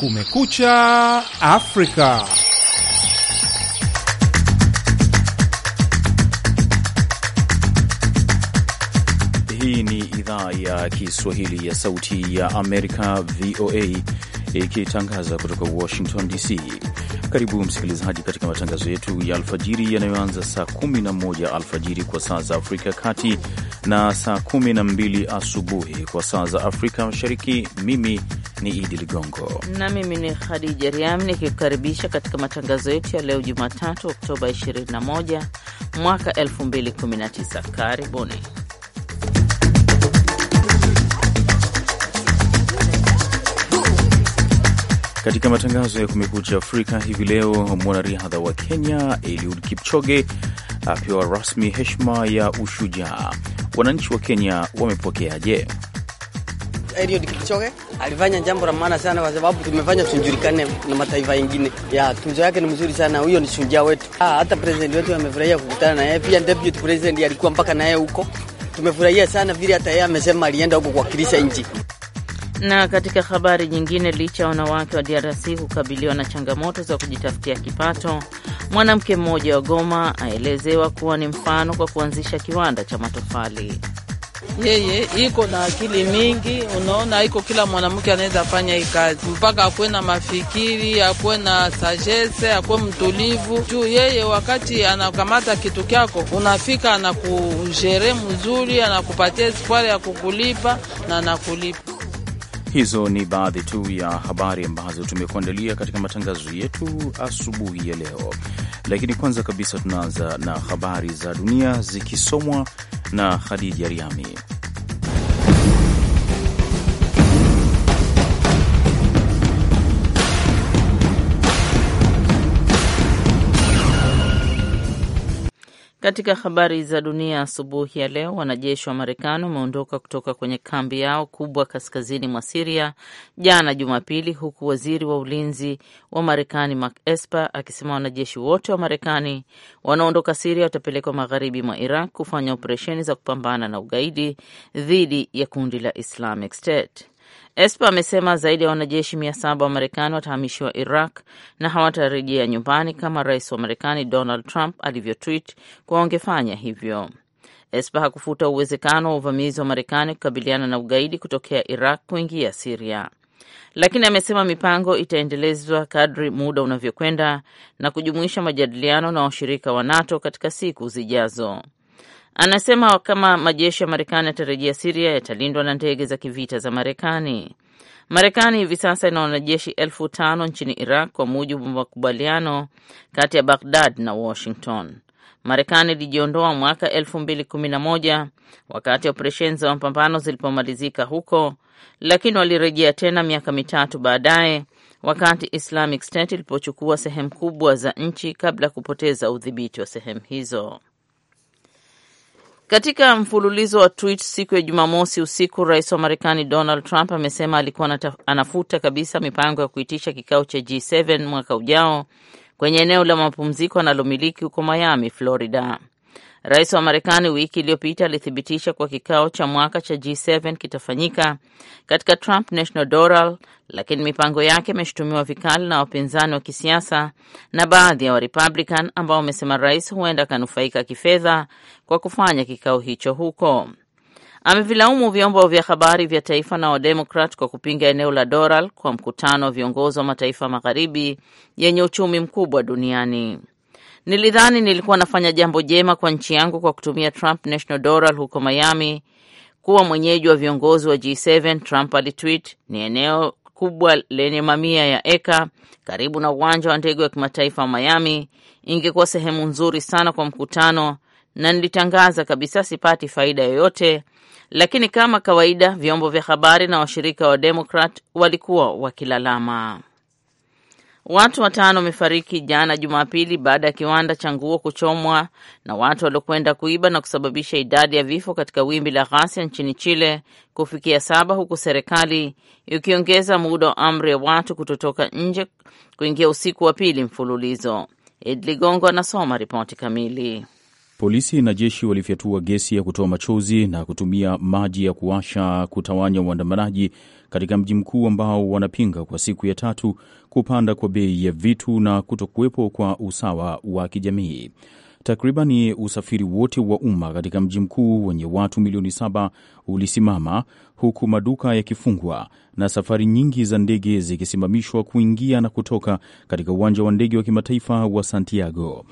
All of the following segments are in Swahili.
Kumekucha Afrika. Hii ni idhaa ya Kiswahili ya Sauti ya Amerika, VOA, ikitangaza kutoka Washington DC. Karibu msikilizaji, katika matangazo yetu ya alfajiri yanayoanza saa 11 alfajiri kwa saa za Afrika kati na saa 12 asubuhi kwa saa za Afrika Mashariki. Mimi ni Idi Ligongo na mimi ni Khadija Riam nikikukaribisha katika matangazo yetu ya leo Jumatatu, Oktoba 21 mwaka 2019. Karibuni. Katika matangazo ya Kumekucha Afrika hivi leo, mwanariadha wa Kenya Eliud Kipchoge apewa rasmi heshima ya ushujaa. Wananchi wa Kenya wamepokeaje? Eliud Kipchoge alifanya jambo la maana sana, kwa sababu tumefanya tujulikane na mataifa mengine. Ya tuzo yake ni mzuri sana, huyo ni shujaa wetu. Ha, ah, hata president wetu amefurahia kukutana na yeye, pia deputy president alikuwa mpaka na yeye huko. Tumefurahia sana vile hata yeye amesema alienda huko kuwakilisha nchi. Na katika habari nyingine, licha ya wanawake wa DRC kukabiliwa na changamoto za kujitafutia kipato, mwanamke mmoja wa Goma aelezewa kuwa ni mfano kwa kuanzisha kiwanda cha matofali yeye iko na akili mingi, unaona, iko kila mwanamke anaweza fanya hii kazi, mpaka akuwe na mafikiri, akuwe na sagesse, akuwe mtulivu, juu yeye wakati anakamata kitu kyako unafika, anakujere mzuri, anakupatia espoir ya kukulipa na anakulipa. Hizo ni baadhi tu ya habari ambazo tumekuandalia katika matangazo yetu asubuhi ya leo, lakini kwanza kabisa tunaanza na habari za dunia zikisomwa na Khadija Riami. Katika habari za dunia asubuhi ya leo, wanajeshi wa Marekani wameondoka kutoka kwenye kambi yao kubwa kaskazini mwa Siria jana Jumapili, huku waziri wa ulinzi wa Marekani Mark Esper akisema wanajeshi wote wa Marekani wanaoondoka Siria watapelekwa magharibi mwa Iraq kufanya operesheni za kupambana na ugaidi dhidi ya kundi la Islamic State. Esper amesema zaidi ya wanajeshi mia saba wa Marekani watahamishiwa Iraq na hawatarejea nyumbani kama rais wa Marekani Donald Trump alivyotwit kuwa wangefanya hivyo. Esper hakufuta uwezekano wa uvamizi wa Marekani kukabiliana na ugaidi kutokea Iraq kuingia Siria, lakini amesema mipango itaendelezwa kadri muda unavyokwenda na kujumuisha majadiliano na washirika wa NATO katika siku zijazo. Anasema kama majeshi ya Marekani yatarejea Siria yatalindwa na ndege za kivita za Marekani. Marekani hivi sasa ina wanajeshi elfu tano nchini Iraq kwa mujibu wa makubaliano kati ya Baghdad na Washington. Marekani ilijiondoa mwaka elfu mbili kumi na moja wakati operesheni za mapambano zilipomalizika huko, lakini walirejea tena miaka mitatu baadaye wakati Islamic State ilipochukua sehemu kubwa za nchi kabla ya kupoteza udhibiti wa sehemu hizo. Katika mfululizo wa tweet siku ya Jumamosi usiku, rais wa Marekani Donald Trump amesema alikuwa anafuta kabisa mipango ya kuitisha kikao cha G7 mwaka ujao kwenye eneo la mapumziko analomiliki huko Miami, Florida. Rais wa Marekani wiki iliyopita alithibitisha kwa kikao cha mwaka cha G7 kitafanyika katika Trump National Doral, lakini mipango yake imeshutumiwa vikali na wapinzani wa kisiasa na baadhi ya Warepublican ambao wamesema rais huenda akanufaika kifedha kwa kufanya kikao hicho huko. Amevilaumu vyombo vya habari vya taifa na Wademokrat kwa kupinga eneo la Doral kwa mkutano wa viongozi wa mataifa magharibi yenye uchumi mkubwa duniani. Nilidhani nilikuwa nafanya jambo jema kwa nchi yangu kwa kutumia Trump National Doral huko Miami kuwa mwenyeji wa viongozi wa G7. Trump alitwit ni eneo kubwa lenye mamia ya eka karibu na uwanja wa ndege wa kimataifa wa Miami. Ingekuwa sehemu nzuri sana kwa mkutano, na nilitangaza kabisa sipati faida yoyote, lakini kama kawaida vyombo vya habari na washirika wa Demokrat walikuwa wakilalama. Watu watano wamefariki jana Jumapili baada ya kiwanda cha nguo kuchomwa na watu waliokwenda kuiba na kusababisha idadi ya vifo katika wimbi la ghasia nchini Chile kufikia saba, huku serikali ikiongeza muda wa amri ya watu kutotoka nje kuingia usiku wa pili mfululizo. Ed Ligongo anasoma ripoti kamili. Polisi na jeshi walifyatua gesi ya kutoa machozi na kutumia maji ya kuwasha kutawanya waandamanaji katika mji mkuu ambao wanapinga kwa siku ya tatu kupanda kwa bei ya vitu na kutokuwepo kwa usawa wa kijamii. Takribani usafiri wote wa umma katika mji mkuu wenye watu milioni saba ulisimama huku maduka yakifungwa na safari nyingi za ndege zikisimamishwa kuingia na kutoka katika uwanja wa ndege wa kimataifa wa Santiago.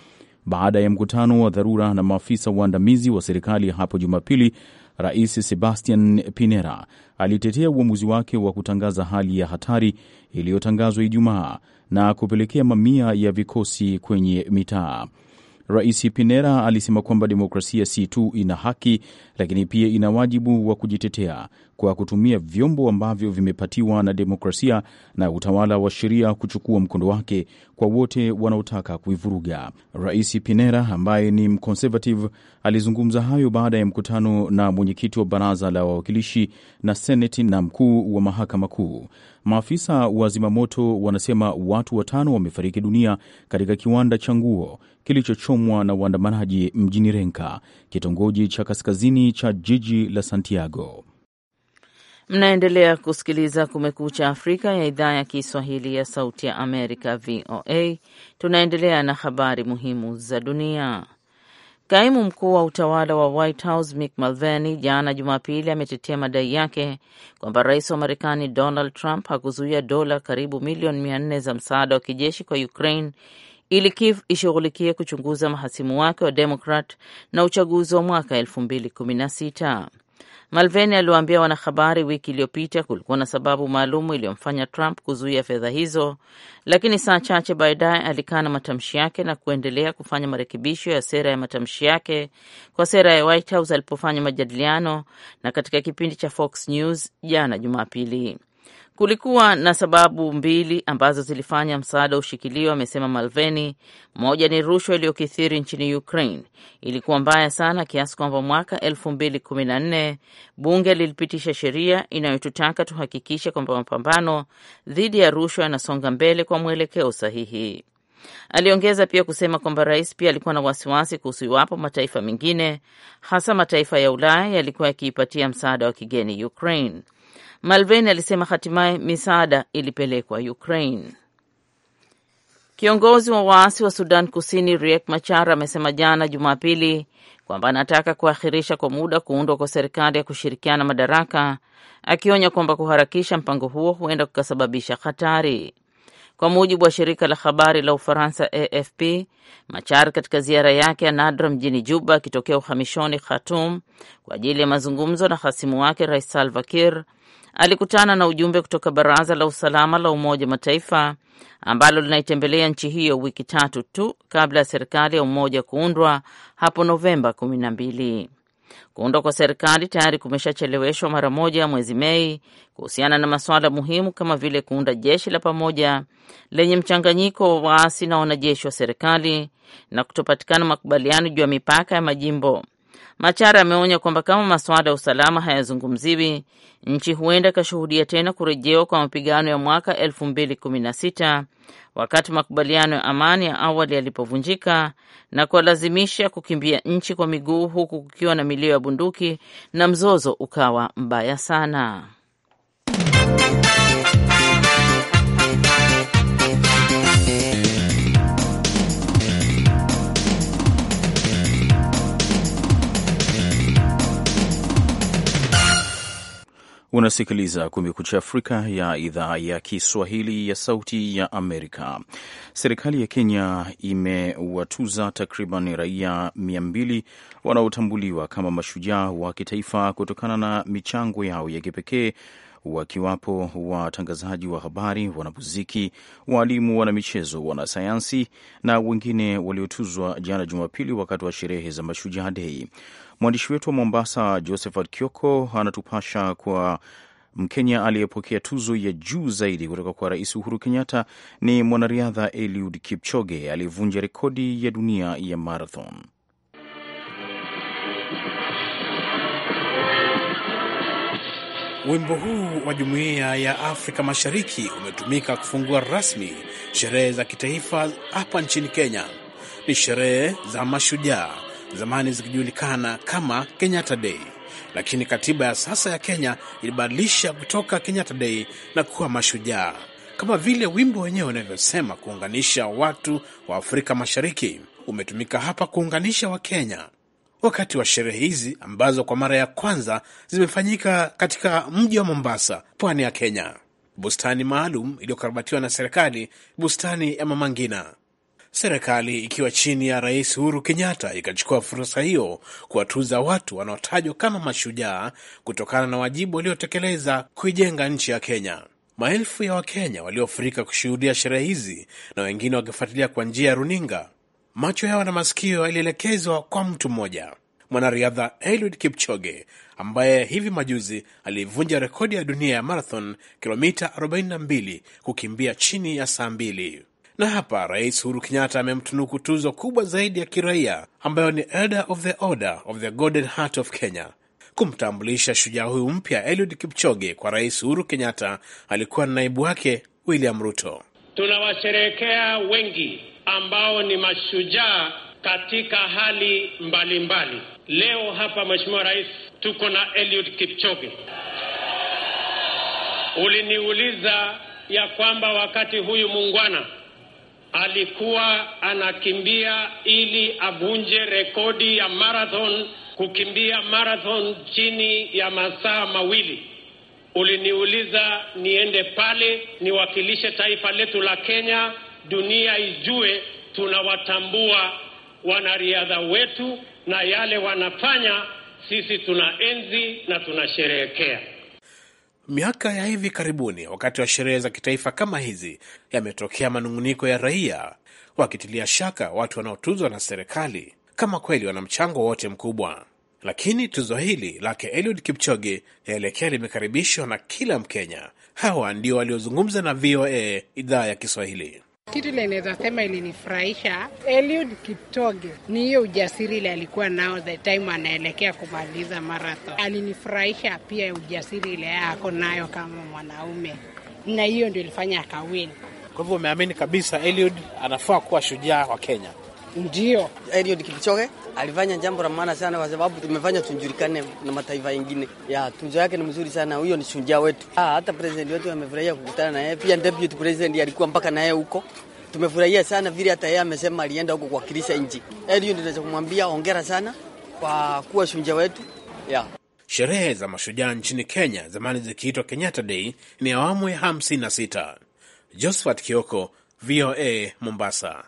Baada ya mkutano wa dharura na maafisa waandamizi wa serikali hapo Jumapili, Rais Sebastian Pinera alitetea uamuzi wake wa kutangaza hali ya hatari iliyotangazwa Ijumaa na kupelekea mamia ya vikosi kwenye mitaa. Rais Pinera alisema kwamba demokrasia si tu ina haki lakini pia ina wajibu wa kujitetea kwa kutumia vyombo ambavyo vimepatiwa na demokrasia na utawala wa sheria kuchukua mkondo wake kwa wote wanaotaka kuivuruga. Rais Pinera ambaye ni mconservative alizungumza hayo baada ya mkutano na mwenyekiti wa baraza la wawakilishi na seneti na mkuu wa mahakama kuu. Maafisa wa zimamoto wanasema watu watano wamefariki dunia katika kiwanda cha nguo kilichochomwa na waandamanaji mjini renka kitongoji cha kaskazini cha jiji la Santiago. Mnaendelea kusikiliza Kumekucha Afrika ya idhaa ya Kiswahili ya Sauti ya Amerika, VOA. Tunaendelea na habari muhimu za dunia. Kaimu mkuu wa utawala wa White House Mick Mulvaney jana Jumapili ametetea madai yake kwamba rais wa Marekani Donald Trump hakuzuia dola karibu milioni mia nne za msaada wa kijeshi kwa Ukraine ili Kiev ishughulikie kuchunguza mahasimu wake wa Demokrat na uchaguzi wa mwaka elfu mbili kumi na sita. Malveni aliwaambia wanahabari wiki iliyopita kulikuwa na sababu maalum iliyomfanya Trump kuzuia fedha hizo, lakini saa chache baadaye alikaa na matamshi yake na kuendelea kufanya marekebisho ya sera ya matamshi yake kwa sera ya White House alipofanya majadiliano na katika kipindi cha Fox News jana Jumapili. Kulikuwa na sababu mbili ambazo zilifanya msaada ushikiliwe, amesema Malveni. Moja ni rushwa iliyokithiri nchini Ukraine, ilikuwa mbaya sana kiasi kwamba mwaka 2014 bunge lilipitisha sheria inayotutaka tuhakikishe kwamba mapambano dhidi ya rushwa yanasonga mbele kwa mwelekeo sahihi. Aliongeza pia kusema kwamba rais pia alikuwa na wasiwasi kuhusu iwapo mataifa mengine hasa mataifa ya Ulaya yalikuwa yakiipatia msaada wa kigeni Ukraine. Malven alisema hatimaye misaada ilipelekwa Ukraine. Kiongozi wa waasi wa Sudan Kusini Riek Machar amesema jana Jumapili kwamba anataka kuahirisha kwa muda kuundwa kwa serikali ya kushirikiana madaraka, akionya kwamba kuharakisha mpango huo huenda kukasababisha hatari. Kwa mujibu wa shirika la habari la Ufaransa AFP, Machar katika ziara yake ya nadra mjini Juba akitokea uhamishoni Khartoum kwa ajili ya mazungumzo na hasimu wake Rais Salva Kiir alikutana na ujumbe kutoka Baraza la Usalama la Umoja Mataifa ambalo linaitembelea nchi hiyo wiki tatu tu kabla ya serikali ya umoja kuundwa hapo Novemba kumi na mbili. Kuundwa kwa serikali tayari kumeshacheleweshwa mara moja mwezi Mei kuhusiana na masuala muhimu kama vile kuunda jeshi la pamoja lenye mchanganyiko wa waasi na wanajeshi wa serikali na kutopatikana makubaliano juu ya mipaka ya majimbo. Machara ameonya kwamba kama masuala ya usalama hayazungumziwi, nchi huenda ikashuhudia tena kurejewa kwa mapigano ya mwaka 2016 wakati makubaliano ya amani ya awali yalipovunjika na kuwalazimisha kukimbia nchi kwa miguu, huku kukiwa na milio ya bunduki na mzozo ukawa mbaya sana. Unasikiliza Kumekucha Afrika ya idhaa ya Kiswahili ya Sauti ya Amerika. Serikali ya Kenya imewatuza takriban raia mia mbili wanaotambuliwa kama mashujaa wa kitaifa kutokana na michango yao ya kipekee wakiwapo watangazaji wa habari, wanamuziki, waalimu, wanamichezo, wanasayansi na wengine waliotuzwa jana Jumapili wakati wa sherehe za Mashujaa Dei. Mwandishi wetu wa Mombasa, Josephat Kioko, anatupasha kwa Mkenya aliyepokea tuzo ya juu zaidi kutoka kwa Rais Uhuru Kenyatta ni mwanariadha Eliud Kipchoge aliyevunja rekodi ya dunia ya marathon. Wimbo huu wa Jumuiya ya Afrika Mashariki umetumika kufungua rasmi sherehe za kitaifa hapa nchini Kenya. Ni sherehe za mashujaa zamani zikijulikana kama Kenyatta Day, lakini katiba ya sasa ya Kenya ilibadilisha kutoka Kenyatta Day na kuwa Mashujaa, kama vile wimbo wenyewe unavyosema, kuunganisha watu wa Afrika Mashariki umetumika hapa kuunganisha Wakenya wakati wa sherehe hizi ambazo kwa mara ya kwanza zimefanyika katika mji wa Mombasa, pwani ya Kenya. Bustani maalum iliyokarabatiwa na serikali, bustani ya Mama Ngina serikali ikiwa chini ya Rais Uhuru Kenyatta ikachukua fursa hiyo kuwatuza watu wanaotajwa kama mashujaa kutokana na wajibu waliotekeleza kuijenga nchi ya Kenya. Maelfu ya Wakenya waliofurika kushuhudia sherehe hizi na wengine wakifuatilia kwa njia ya runinga. Macho yao na masikio yalielekezwa kwa mtu mmoja, mwanariadha Eliud Kipchoge ambaye hivi majuzi alivunja rekodi ya dunia ya marathon kilomita 42 kukimbia chini ya saa mbili. Na hapa Rais Uhuru Kenyatta amemtunuku tuzo kubwa zaidi ya kiraia ambayo ni Elder of the Order of the Golden Heart of Kenya. Kumtambulisha shujaa huyu mpya Eliud Kipchoge kwa Rais Uhuru Kenyatta alikuwa na naibu wake William Ruto. Tunawasherehekea wengi ambao ni mashujaa katika hali mbalimbali mbali. Leo hapa Mheshimiwa Rais, tuko na Eliud Kipchoge. Uliniuliza ya kwamba wakati huyu muungwana alikuwa anakimbia ili avunje rekodi ya marathon, kukimbia marathon chini ya masaa mawili. Uliniuliza niende pale niwakilishe taifa letu la Kenya, dunia ijue tunawatambua wanariadha wetu na yale wanafanya, sisi tunaenzi na tunasherehekea. Miaka ya hivi karibuni, wakati wa sherehe za kitaifa kama hizi, yametokea manung'uniko ya raia wakitilia shaka watu wanaotuzwa na serikali kama kweli wana mchango wote mkubwa. Lakini tuzo hili lake Eliud Kipchoge yaelekea limekaribishwa na kila Mkenya. Hawa ndio waliozungumza na VOA idhaa ya Kiswahili. Kitu ile inaweza sema ilinifurahisha Eliud Kiptoge ni hiyo ujasiri ile alikuwa nao the time anaelekea kumaliza marathon. Alinifurahisha pia ujasiri ile ako nayo kama mwanaume, na hiyo ndio ilifanya akawini. Kwa hivyo umeamini kabisa Eliud anafaa kuwa shujaa wa Kenya. Ndio, Eliud Kipchoge alifanya jambo la maana sana, kwa sababu tumefanya tunjulikane na mataifa mengine. Ya tunzo yake ni mzuri sana, huyo ni shujaa wetu. Ah, hata president wetu amefurahia kukutana na yeye, pia deputy president alikuwa mpaka na yeye huko. Tumefurahia sana vile hata yeye amesema alienda huko kuwakilisha nchi. Eliud, naweza kumwambia hongera sana kwa kuwa shujaa wetu ya Sherehe za mashujaa nchini Kenya, zamani zikiitwa Kenyatta Day, ni awamu ya 56. Josephat Kioko, VOA, Mombasa.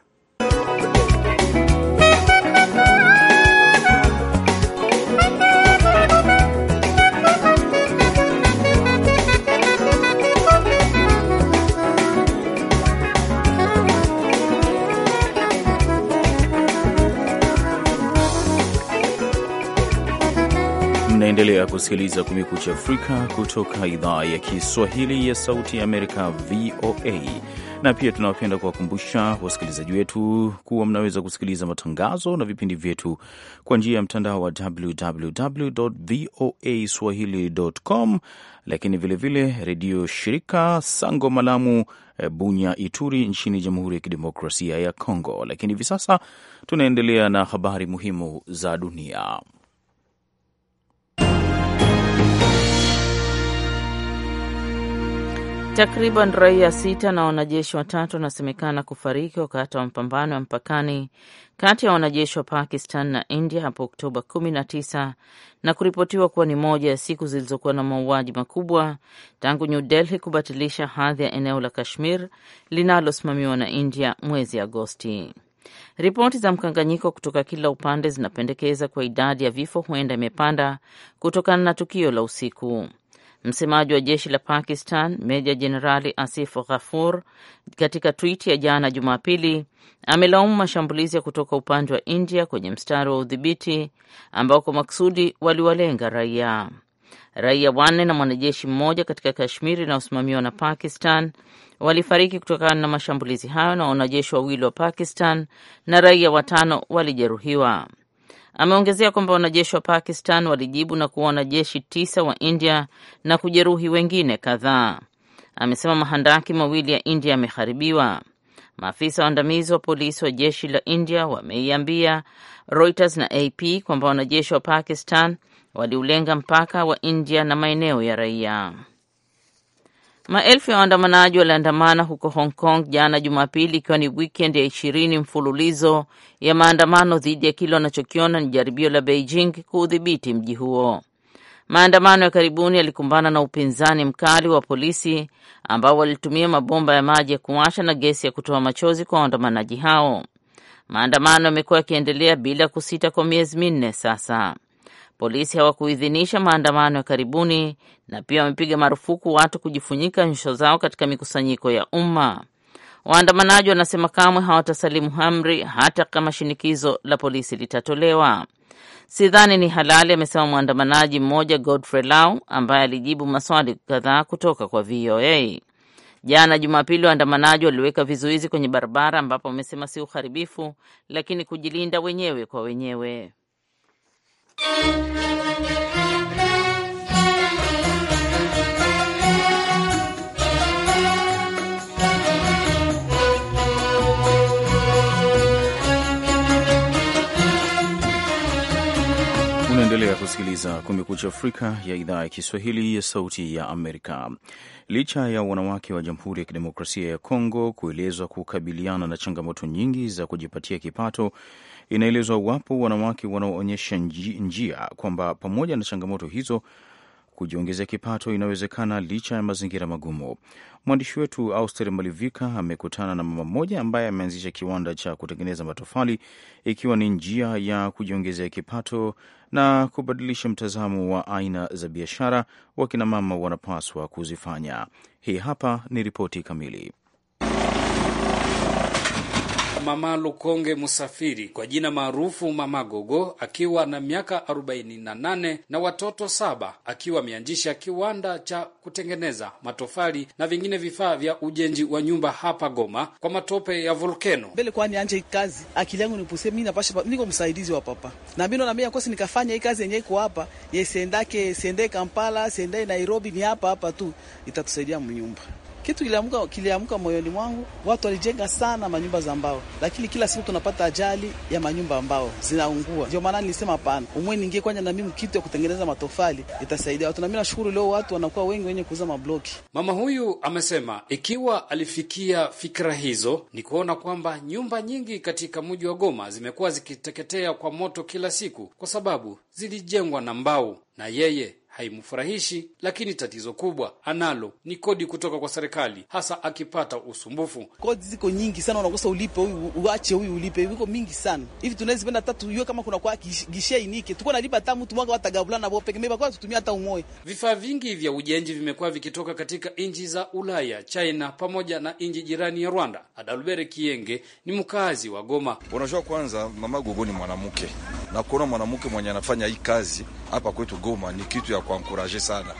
Mnaendelea kusikiliza Kumekucha Afrika kutoka idhaa ya Kiswahili ya Sauti ya Amerika, VOA. Na pia tunawapenda kuwakumbusha wasikilizaji wetu kuwa mnaweza kusikiliza matangazo na vipindi vyetu kwa njia ya mtandao wa www voa swahili.com, lakini vilevile redio shirika Sango Malamu, eh, Bunya, Ituri nchini Jamhuri ya Kidemokrasia ya Kongo. Lakini hivi sasa tunaendelea na habari muhimu za dunia. Takriban raia sita na wanajeshi watatu wanasemekana kufariki wakati wa mapambano ya mpakani kati ya wanajeshi wa Pakistan na India hapo Oktoba 19 na kuripotiwa kuwa ni moja ya siku zilizokuwa na mauaji makubwa tangu New Delhi kubatilisha hadhi ya eneo la Kashmir linalosimamiwa na India mwezi Agosti. Ripoti za mkanganyiko kutoka kila upande zinapendekeza kwa idadi ya vifo huenda imepanda kutokana na tukio la usiku. Msemaji wa jeshi la Pakistan meja jenerali asif Ghafur katika twiti ya jana Jumapili amelaumu mashambulizi ya kutoka upande wa India kwenye mstari wa udhibiti ambao kwa maksudi waliwalenga raia raia wanne na mwanajeshi mmoja katika Kashmiri inayosimamiwa na Pakistan walifariki kutokana na mashambulizi hayo na wanajeshi wawili wa Pakistan na raia watano walijeruhiwa. Ameongezea kwamba wanajeshi wa Pakistan walijibu na kuwa wanajeshi tisa wa India na kujeruhi wengine kadhaa. Amesema mahandaki mawili ya India yameharibiwa. Maafisa waandamizi wa polisi wa jeshi la India wameiambia Reuters na AP kwamba wanajeshi wa Pakistan waliulenga mpaka wa India na maeneo ya raia. Maelfu ya waandamanaji waliandamana huko Hong Kong jana Jumapili, ikiwa ni wikendi ya ishirini mfululizo ya maandamano dhidi ya kile wanachokiona ni jaribio la Beijing kuudhibiti mji huo. Maandamano ya karibuni yalikumbana na upinzani mkali wa polisi ambao walitumia mabomba ya maji ya kuwasha na gesi ya kutoa machozi kwa waandamanaji hao. Maandamano yamekuwa yakiendelea bila kusita kwa miezi minne sasa. Polisi hawakuidhinisha maandamano ya karibuni na pia wamepiga marufuku watu kujifunyika nyuso zao katika mikusanyiko ya umma. Waandamanaji wanasema kamwe hawatasalimu amri hata kama shinikizo la polisi litatolewa. Sidhani ni halali, amesema mwandamanaji mmoja Godfrey Lau ambaye alijibu maswali kadhaa kutoka kwa VOA. Jana Jumapili, waandamanaji waliweka vizuizi kwenye barabara ambapo wamesema si uharibifu, lakini kujilinda wenyewe kwa wenyewe. Unaendelea kusikiliza Kumekucha Afrika ya idhaa ya Kiswahili ya Sauti ya Amerika. Licha ya wanawake wa Jamhuri ya Kidemokrasia ya Kongo kuelezwa kukabiliana na changamoto nyingi za kujipatia kipato Inaelezwa wapo wanawake wanaoonyesha njia kwamba pamoja na changamoto hizo kujiongezea kipato inawezekana licha ya mazingira magumu. Mwandishi wetu Auster Malivika amekutana na mama mmoja ambaye ameanzisha kiwanda cha kutengeneza matofali ikiwa ni njia ya kujiongezea kipato na kubadilisha mtazamo wa aina za biashara wakinamama wanapaswa kuzifanya. Hii hapa ni ripoti kamili. Mama Lukonge Musafiri kwa jina maarufu Mama Gogo akiwa na miaka 48 na watoto saba akiwa ameanzisha kiwanda cha kutengeneza matofali na vingine vifaa vya ujenzi wa nyumba hapa Goma kwa matope ya volkeno. Mbele kwa nianje kazi akili yangu nipuse mimi napasha niko msaidizi wa papa. Na mimi na mimi kosi nikafanya hii kazi yenyewe iko hapa, yesendake siende Kampala, siende Nairobi ni hapa hapa tu itatusaidia mnyumba kitu kiliamka kiliamka moyoni mwangu. Watu walijenga sana manyumba za mbao, lakini kila siku tunapata ajali ya manyumba ambao zinaungua. Ndio maana nilisema hapana, umwe ningie kwanja na mimi kitu ya kutengeneza matofali itasaidia watu, na mimi nashukuru leo watu wanakuwa wengi wenye kuuza mabloki. Mama huyu amesema ikiwa alifikia fikra hizo ni kuona kwamba nyumba nyingi katika mji wa Goma zimekuwa zikiteketea kwa moto kila siku kwa sababu zilijengwa na mbao, na yeye haimfurahishi, lakini tatizo kubwa analo ni kodi kutoka kwa serikali, hasa akipata usumbufu. Kodi ziko nyingi sana, unakosa ulipe huyu, uache huyu, ulipe viko mingi sana hivi. Tunaweza penda tatu hiyo, kama kuna kwa gishe inike, tuko nalipa hata mtu mwaka watagavulana na bopeke meba kwa tutumia hata umoe. Vifaa vingi vya ujenzi vimekuwa vikitoka katika nchi za Ulaya, China pamoja na nchi jirani ya Rwanda. Adalbere Kienge ni mkazi wa Goma. Unajua, kwanza mama Gogo ni mwanamke na kuona mwanamke mwenye anafanya hii kazi hapa kwetu Goma ni kitu ya kuankuraje sana,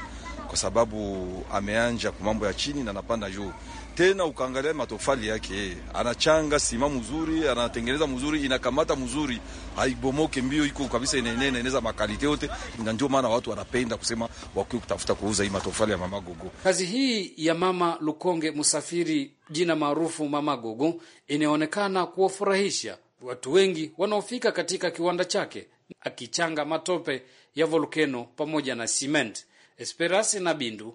kwa sababu ameanja kwa mambo ya chini na anapanda juu tena. Ukaangalia matofali yake, anachanga sima mzuri, anatengeneza mzuri, inakamata mzuri, haibomoke mbio, iko kabisa, inaenea inaeneza makalite yote, na ndio maana watu wanapenda kusema wakiwa kutafuta kuuza hii matofali ya mama Gogo. Kazi hii ya mama Lukonge msafiri jina maarufu mama Gogo, inaonekana kuwafurahisha watu wengi wanaofika katika kiwanda chake, akichanga matope ya volkeno pamoja na cement. Esperance na Bindu,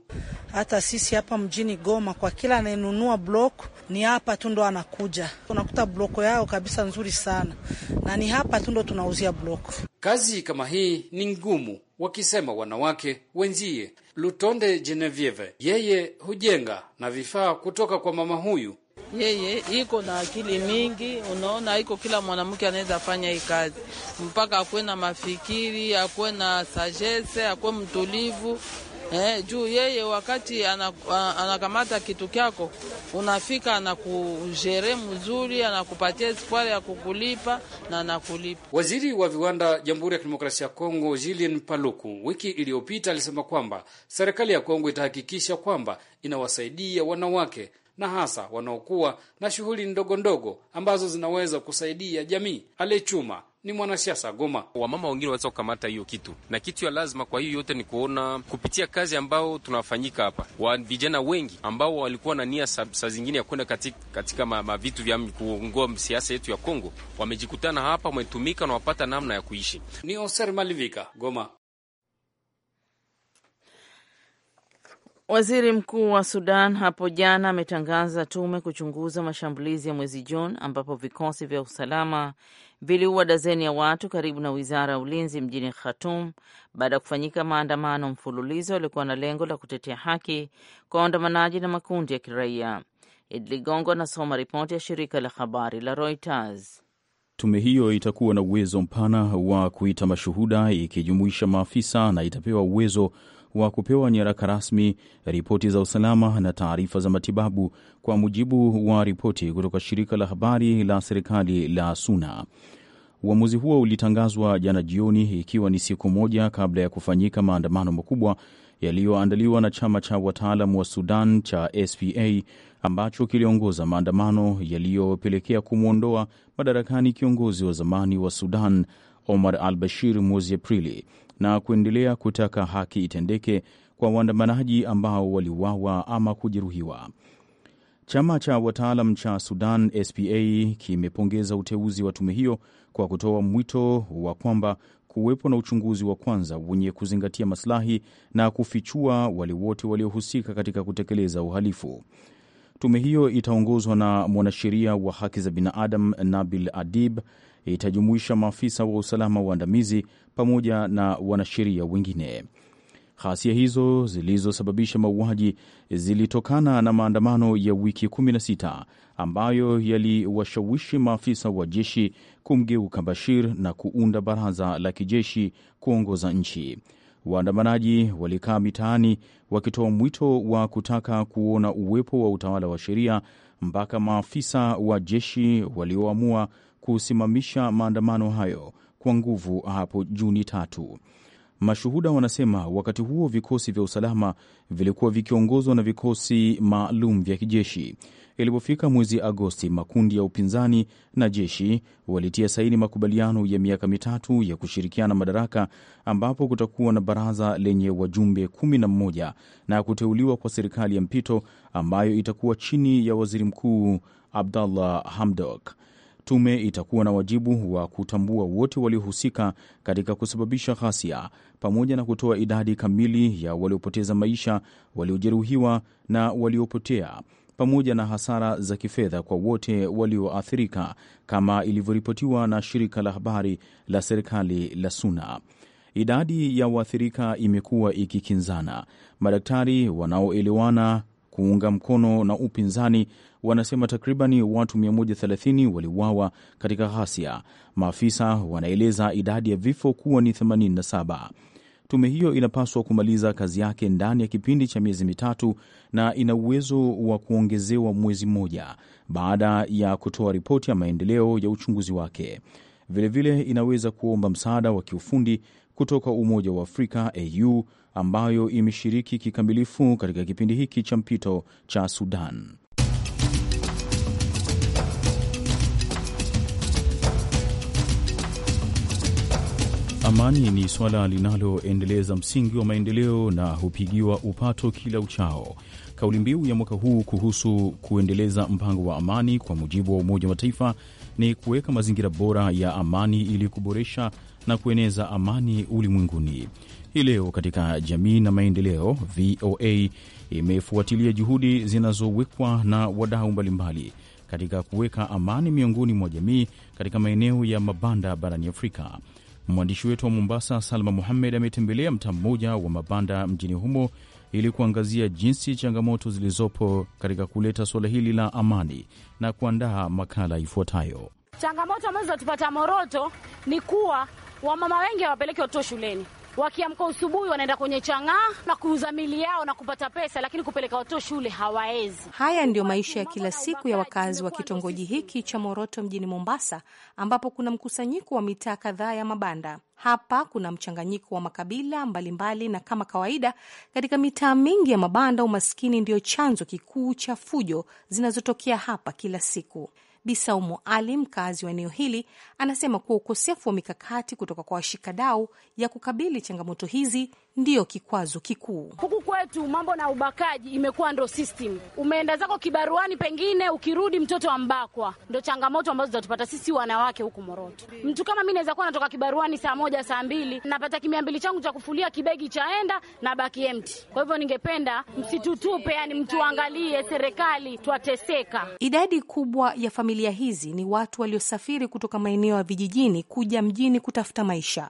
hata sisi hapa mjini Goma, kwa kila anayenunua bloko ni hapa tu ndo anakuja, unakuta bloko yao kabisa nzuri sana, na ni hapa tu ndo tunauzia bloko. Kazi kama hii ni ngumu, wakisema wanawake wenzie. Lutonde Genevieve yeye hujenga na vifaa kutoka kwa mama huyu yeye iko na akili mingi, unaona, iko kila mwanamke anaweza fanya hii kazi, mpaka akuwe na mafikiri, akuwe na sagesse, akuwe mtulivu eh, juu yeye wakati anakamata kitu kyako unafika anakujere mzuri, anakupatia espoir ya kukulipa na anakulipa. Waziri wa viwanda Jamhuri ya Kidemokrasia ya Kongo Julien Paluku wiki iliyopita alisema kwamba serikali ya Kongo itahakikisha kwamba inawasaidia wanawake na hasa wanaokuwa na shughuli ndogo ndogo ambazo zinaweza kusaidia jamii. Alechuma ni mwanasiasa Goma. Wamama wengine waweza kukamata hiyo kitu na kitu ya lazima. Kwa hiyo yote ni kuona kupitia kazi ambao tunafanyika hapa, wa vijana wengi ambao walikuwa na nia saa sa zingine ya kwenda katika, katika mavitu ma vya kuongoa siasa yetu ya Kongo, wamejikutana hapa, wametumika na wapata namna ya kuishi. Ni Oser Malivika, Goma. Waziri mkuu wa Sudan hapo jana ametangaza tume kuchunguza mashambulizi ya mwezi Juni ambapo vikosi vya usalama viliua dazeni ya watu karibu na wizara ya ulinzi mjini Khartoum baada ya kufanyika maandamano mfululizo yaliokuwa na lengo la kutetea haki kwa waandamanaji na makundi ya kiraia. Idi Ligongo anasoma ripoti ya shirika la habari la Reuters. Tume hiyo itakuwa na uwezo mpana wa kuita mashuhuda ikijumuisha maafisa na itapewa uwezo wa kupewa nyaraka rasmi, ripoti za usalama na taarifa za matibabu, kwa mujibu wa ripoti kutoka shirika la habari la serikali la SUNA. Uamuzi huo ulitangazwa jana jioni, ikiwa ni siku moja kabla ya kufanyika maandamano makubwa yaliyoandaliwa na chama cha wataalam wa Sudan cha SPA ambacho kiliongoza maandamano yaliyopelekea kumwondoa madarakani kiongozi wa zamani wa Sudan Omar al Bashir mwezi Aprili na kuendelea kutaka haki itendeke kwa waandamanaji ambao waliuawa ama kujeruhiwa. Chama cha wataalam cha Sudan SPA kimepongeza uteuzi wa tume hiyo kwa kutoa mwito wa kwamba kuwepo na uchunguzi wa kwanza wenye kuzingatia masilahi na kufichua wale wote waliohusika katika kutekeleza uhalifu. Tume hiyo itaongozwa na mwanasheria wa haki za binadamu Nabil Adib, itajumuisha maafisa wa usalama waandamizi pamoja na wanasheria wengine. Ghasia hizo zilizosababisha mauaji zilitokana na maandamano ya wiki 16 ambayo yaliwashawishi maafisa wa jeshi kumgeuka Bashir na kuunda baraza la kijeshi kuongoza nchi. Waandamanaji walikaa mitaani wakitoa mwito wa kutaka kuona uwepo wa utawala wa sheria mpaka maafisa wa jeshi walioamua kusimamisha maandamano hayo kwa nguvu hapo Juni tatu. Mashuhuda wanasema wakati huo vikosi vya usalama vilikuwa vikiongozwa na vikosi maalum vya kijeshi. Ilipofika mwezi Agosti, makundi ya upinzani na jeshi walitia saini makubaliano ya miaka mitatu ya kushirikiana madaraka, ambapo kutakuwa na baraza lenye wajumbe kumi na mmoja na kuteuliwa kwa serikali ya mpito ambayo itakuwa chini ya waziri mkuu Abdallah Hamdok. Tume itakuwa na wajibu wa kutambua wote waliohusika katika kusababisha ghasia pamoja na kutoa idadi kamili ya waliopoteza maisha, waliojeruhiwa na waliopotea pamoja na hasara za kifedha kwa wote walioathirika kama ilivyoripotiwa na shirika la habari la serikali la SUNA. Idadi ya waathirika imekuwa ikikinzana. Madaktari wanaoelewana kuunga mkono na upinzani wanasema takribani watu 130 waliuawa katika ghasia. Maafisa wanaeleza idadi ya vifo kuwa ni 87. Tume hiyo inapaswa kumaliza kazi yake ndani ya kipindi cha miezi mitatu na ina uwezo wa kuongezewa mwezi mmoja baada ya kutoa ripoti ya maendeleo ya uchunguzi wake. Vilevile vile inaweza kuomba msaada wa kiufundi kutoka Umoja wa Afrika AU ambayo imeshiriki kikamilifu katika kipindi hiki cha mpito cha Sudan. Amani ni suala linaloendeleza msingi wa maendeleo na hupigiwa upato kila uchao. Kauli mbiu ya mwaka huu kuhusu kuendeleza mpango wa amani kwa mujibu wa Umoja wa Mataifa ni kuweka mazingira bora ya amani ili kuboresha na kueneza amani ulimwenguni. Hii leo katika jamii na maendeleo, VOA imefuatilia juhudi zinazowekwa na wadau mbalimbali katika kuweka amani miongoni mwa jamii katika maeneo ya mabanda barani Afrika. Mwandishi wetu wa Mombasa, Salma Muhammed, ametembelea mtaa mmoja wa mabanda mjini humo ili kuangazia jinsi changamoto zilizopo katika kuleta suala hili la amani na kuandaa makala ifuatayo. Changamoto ambazo zinatupata Moroto ni kuwa Wamama wengi hawapeleki watoto shuleni, wakiamka usubuhi wanaenda kwenye chang'aa na kuuza mili yao na kupata pesa, lakini kupeleka watoto shule hawaezi. Haya ndiyo maisha ya kila siku ya wakazi wa kitongoji hiki cha Moroto mjini Mombasa, ambapo kuna mkusanyiko wa mitaa kadhaa ya mabanda. Hapa kuna mchanganyiko wa makabila mbalimbali mbali, na kama kawaida katika mitaa mingi ya mabanda, umaskini ndiyo chanzo kikuu cha fujo zinazotokea hapa kila siku. Bisaumu Ali, mkazi wa eneo hili, anasema kuwa ukosefu wa mikakati kutoka kwa washikadau ya kukabili changamoto hizi ndiyo kikwazo kikuu huku kwetu. Mambo na ubakaji imekuwa ndo system. Umeenda zako kibaruani, pengine ukirudi mtoto ambakwa. Ndo changamoto ambazo zatupata sisi wanawake huku Moroto. Mtu kama mi naweza kuwa natoka kibaruani saa moja saa mbili napata kimia mbili changu cha kufulia kibegi chaenda na baki empty. Kwa hivyo ningependa msitutupe, yani mtuangalie, serikali twateseka. Idadi kubwa ya familia hizi ni watu waliosafiri kutoka maeneo ya vijijini kuja mjini kutafuta maisha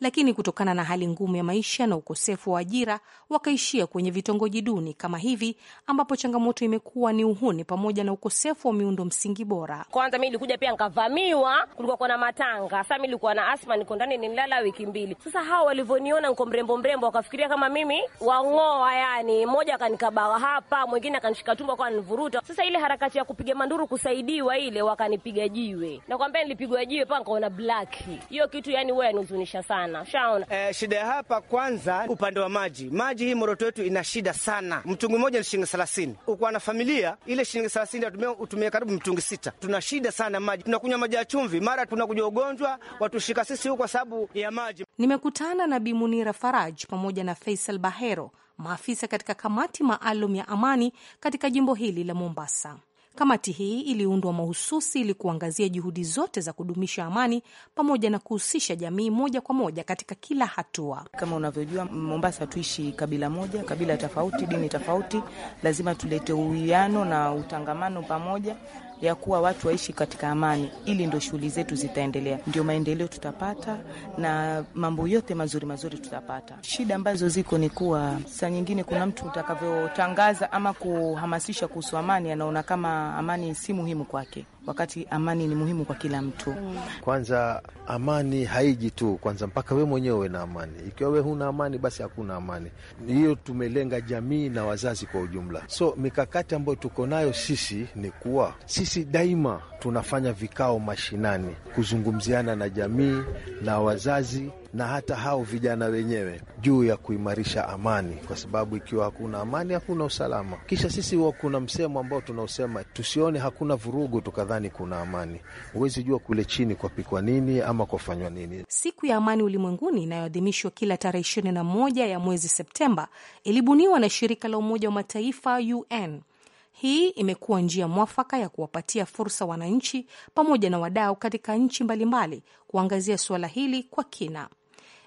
lakini kutokana na hali ngumu ya maisha na ukosefu wa ajira wakaishia kwenye vitongoji duni kama hivi, ambapo changamoto imekuwa ni uhuni pamoja na ukosefu wa miundo msingi bora. Kwanza mi nilikuja pia nkavamiwa, kulikuwa kuna matanga. Sasa mi nilikuwa na asma, niko ndani, nilala wiki mbili. Sasa hawa walivyoniona nko mrembo mrembo, wakafikiria kama mimi wang'oa, yani mmoja akanikabawa hapa, mwingine akanishika tumbo nivuruta. Sasa ile harakati ya kupiga manduru kusaidiwa ile, wakanipiga jiwe, nakwambia nilipigwa jiwe mpaka nkaona blaki. Hiyo kitu yani wewe yanihuzunisha sana, ushaona eh, shida ya hapa kwanza, upande wa maji. Maji hii Moroto yetu ina shida sana, mtungi mmoja ni shilingi thelathini. Uko na familia ile shilingi thelathini atumia utumia karibu mtungi sita. Tuna shida sana maji, tunakunywa maji ya chumvi, mara tunakuja ugonjwa watushika sisi huko kwa sababu ya maji. Nimekutana na Bimunira Faraj pamoja na Faisal Bahero, maafisa katika kamati maalum ya amani katika jimbo hili la Mombasa. Kamati hii iliundwa mahususi ili kuangazia juhudi zote za kudumisha amani pamoja na kuhusisha jamii moja kwa moja katika kila hatua. Kama unavyojua, Mombasa tuishi kabila moja, kabila tofauti, dini tofauti, lazima tulete uwiano na utangamano pamoja ya kuwa watu waishi katika amani, ili ndio shughuli zetu zitaendelea, ndio maendeleo tutapata na mambo yote mazuri mazuri tutapata. Shida ambazo ziko ni kuwa saa nyingine kuna mtu utakavyotangaza ama kuhamasisha kuhusu amani, anaona kama amani si muhimu kwake wakati amani ni muhimu kwa kila mtu. Kwanza amani haiji tu kwanza mpaka we mwenyewe uwe na amani. Ikiwa we huna amani, basi hakuna amani. Hiyo tumelenga jamii na wazazi kwa ujumla. So mikakati ambayo tuko nayo sisi ni kuwa sisi daima tunafanya vikao mashinani kuzungumziana na jamii na wazazi na hata hao vijana wenyewe juu ya kuimarisha amani, kwa sababu ikiwa hakuna amani hakuna usalama. Kisha sisi huwa kuna msemo ambao tunaosema tusione hakuna vurugu tukadhani kuna amani. Huwezi jua kule chini kwapikwa nini ama kwafanywa nini. Siku ya Amani Ulimwenguni inayoadhimishwa kila tarehe ishirini na moja ya mwezi Septemba ilibuniwa na shirika la Umoja wa Mataifa UN. Hii imekuwa njia mwafaka ya kuwapatia fursa wananchi pamoja na wadau katika nchi mbalimbali kuangazia suala hili kwa kina.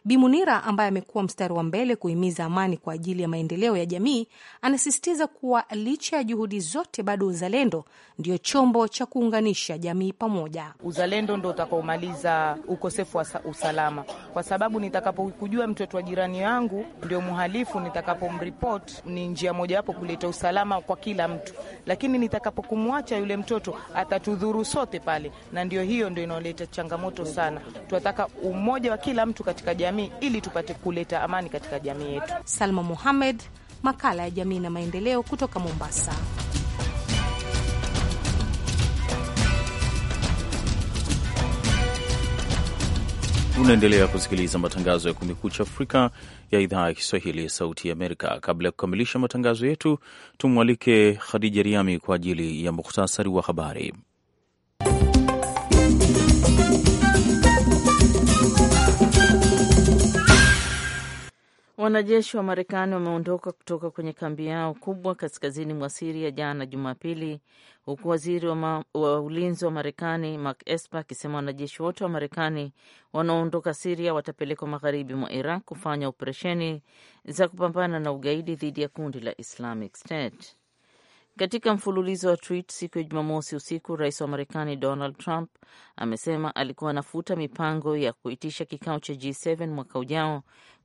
Bimunira ambaye amekuwa mstari wa mbele kuhimiza amani kwa ajili ya maendeleo ya jamii, anasisitiza kuwa licha ya juhudi zote, bado uzalendo ndio chombo cha kuunganisha jamii pamoja. Uzalendo ndo utakaomaliza ukosefu wa usalama, kwa sababu nitakapokujua mtoto wa jirani yangu ndio mhalifu, nitakapomripot ni njia mojawapo kuleta usalama kwa kila mtu, lakini nitakapokumwacha yule mtoto atatudhuru sote pale, na ndio hiyo ndio inaoleta changamoto sana. Tunataka umoja wa kila mtu katika jamii jamii ili tupate kuleta amani katika jamii yetu. Salma Muhamed, makala ya jamii na maendeleo kutoka Mombasa. Unaendelea kusikiliza matangazo ya Kumekucha Afrika ya idhaa ya Kiswahili ya Sauti ya Amerika. Kabla ya kukamilisha matangazo yetu, tumwalike Khadija Riami kwa ajili ya muhtasari wa habari. Wanajeshi wa Marekani wameondoka kutoka kwenye kambi yao kubwa kaskazini mwa Siria jana Jumapili, huku waziri wa, ma, wa ulinzi wa Marekani Mark Esper akisema wanajeshi wote wa Marekani wanaoondoka Siria watapelekwa magharibi mwa Iraq kufanya operesheni za kupambana na ugaidi dhidi ya kundi la Islamic State. Katika mfululizo wa tweet siku ya Jumamosi usiku, rais wa Marekani Donald Trump amesema alikuwa anafuta mipango ya kuitisha kikao cha G7 mwaka ujao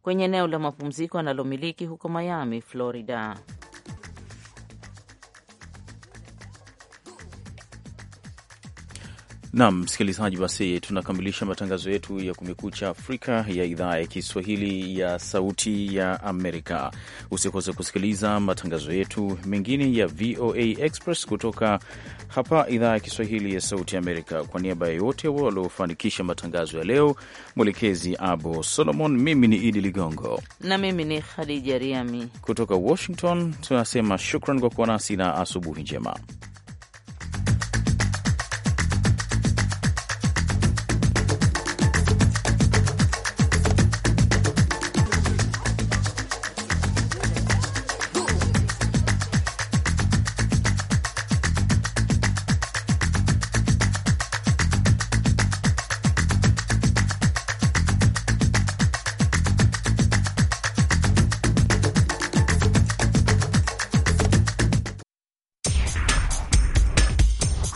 kwenye eneo la mapumziko analomiliki huko Miami, Florida. Naam, msikilizaji, basi tunakamilisha matangazo yetu ya Kumekucha Afrika ya idhaa ya Kiswahili ya Sauti ya Amerika. Usikose kusikiliza matangazo yetu mengine ya VOA Express kutoka hapa idhaa ya Kiswahili ya Sauti ya Amerika. Kwa niaba ya yote waliofanikisha matangazo ya leo, mwelekezi Abo Solomon, mimi ni Idi Ligongo na mimi ni Khadija Riami kutoka Washington, tunasema shukran kwa kuwa nasi na asubuhi njema.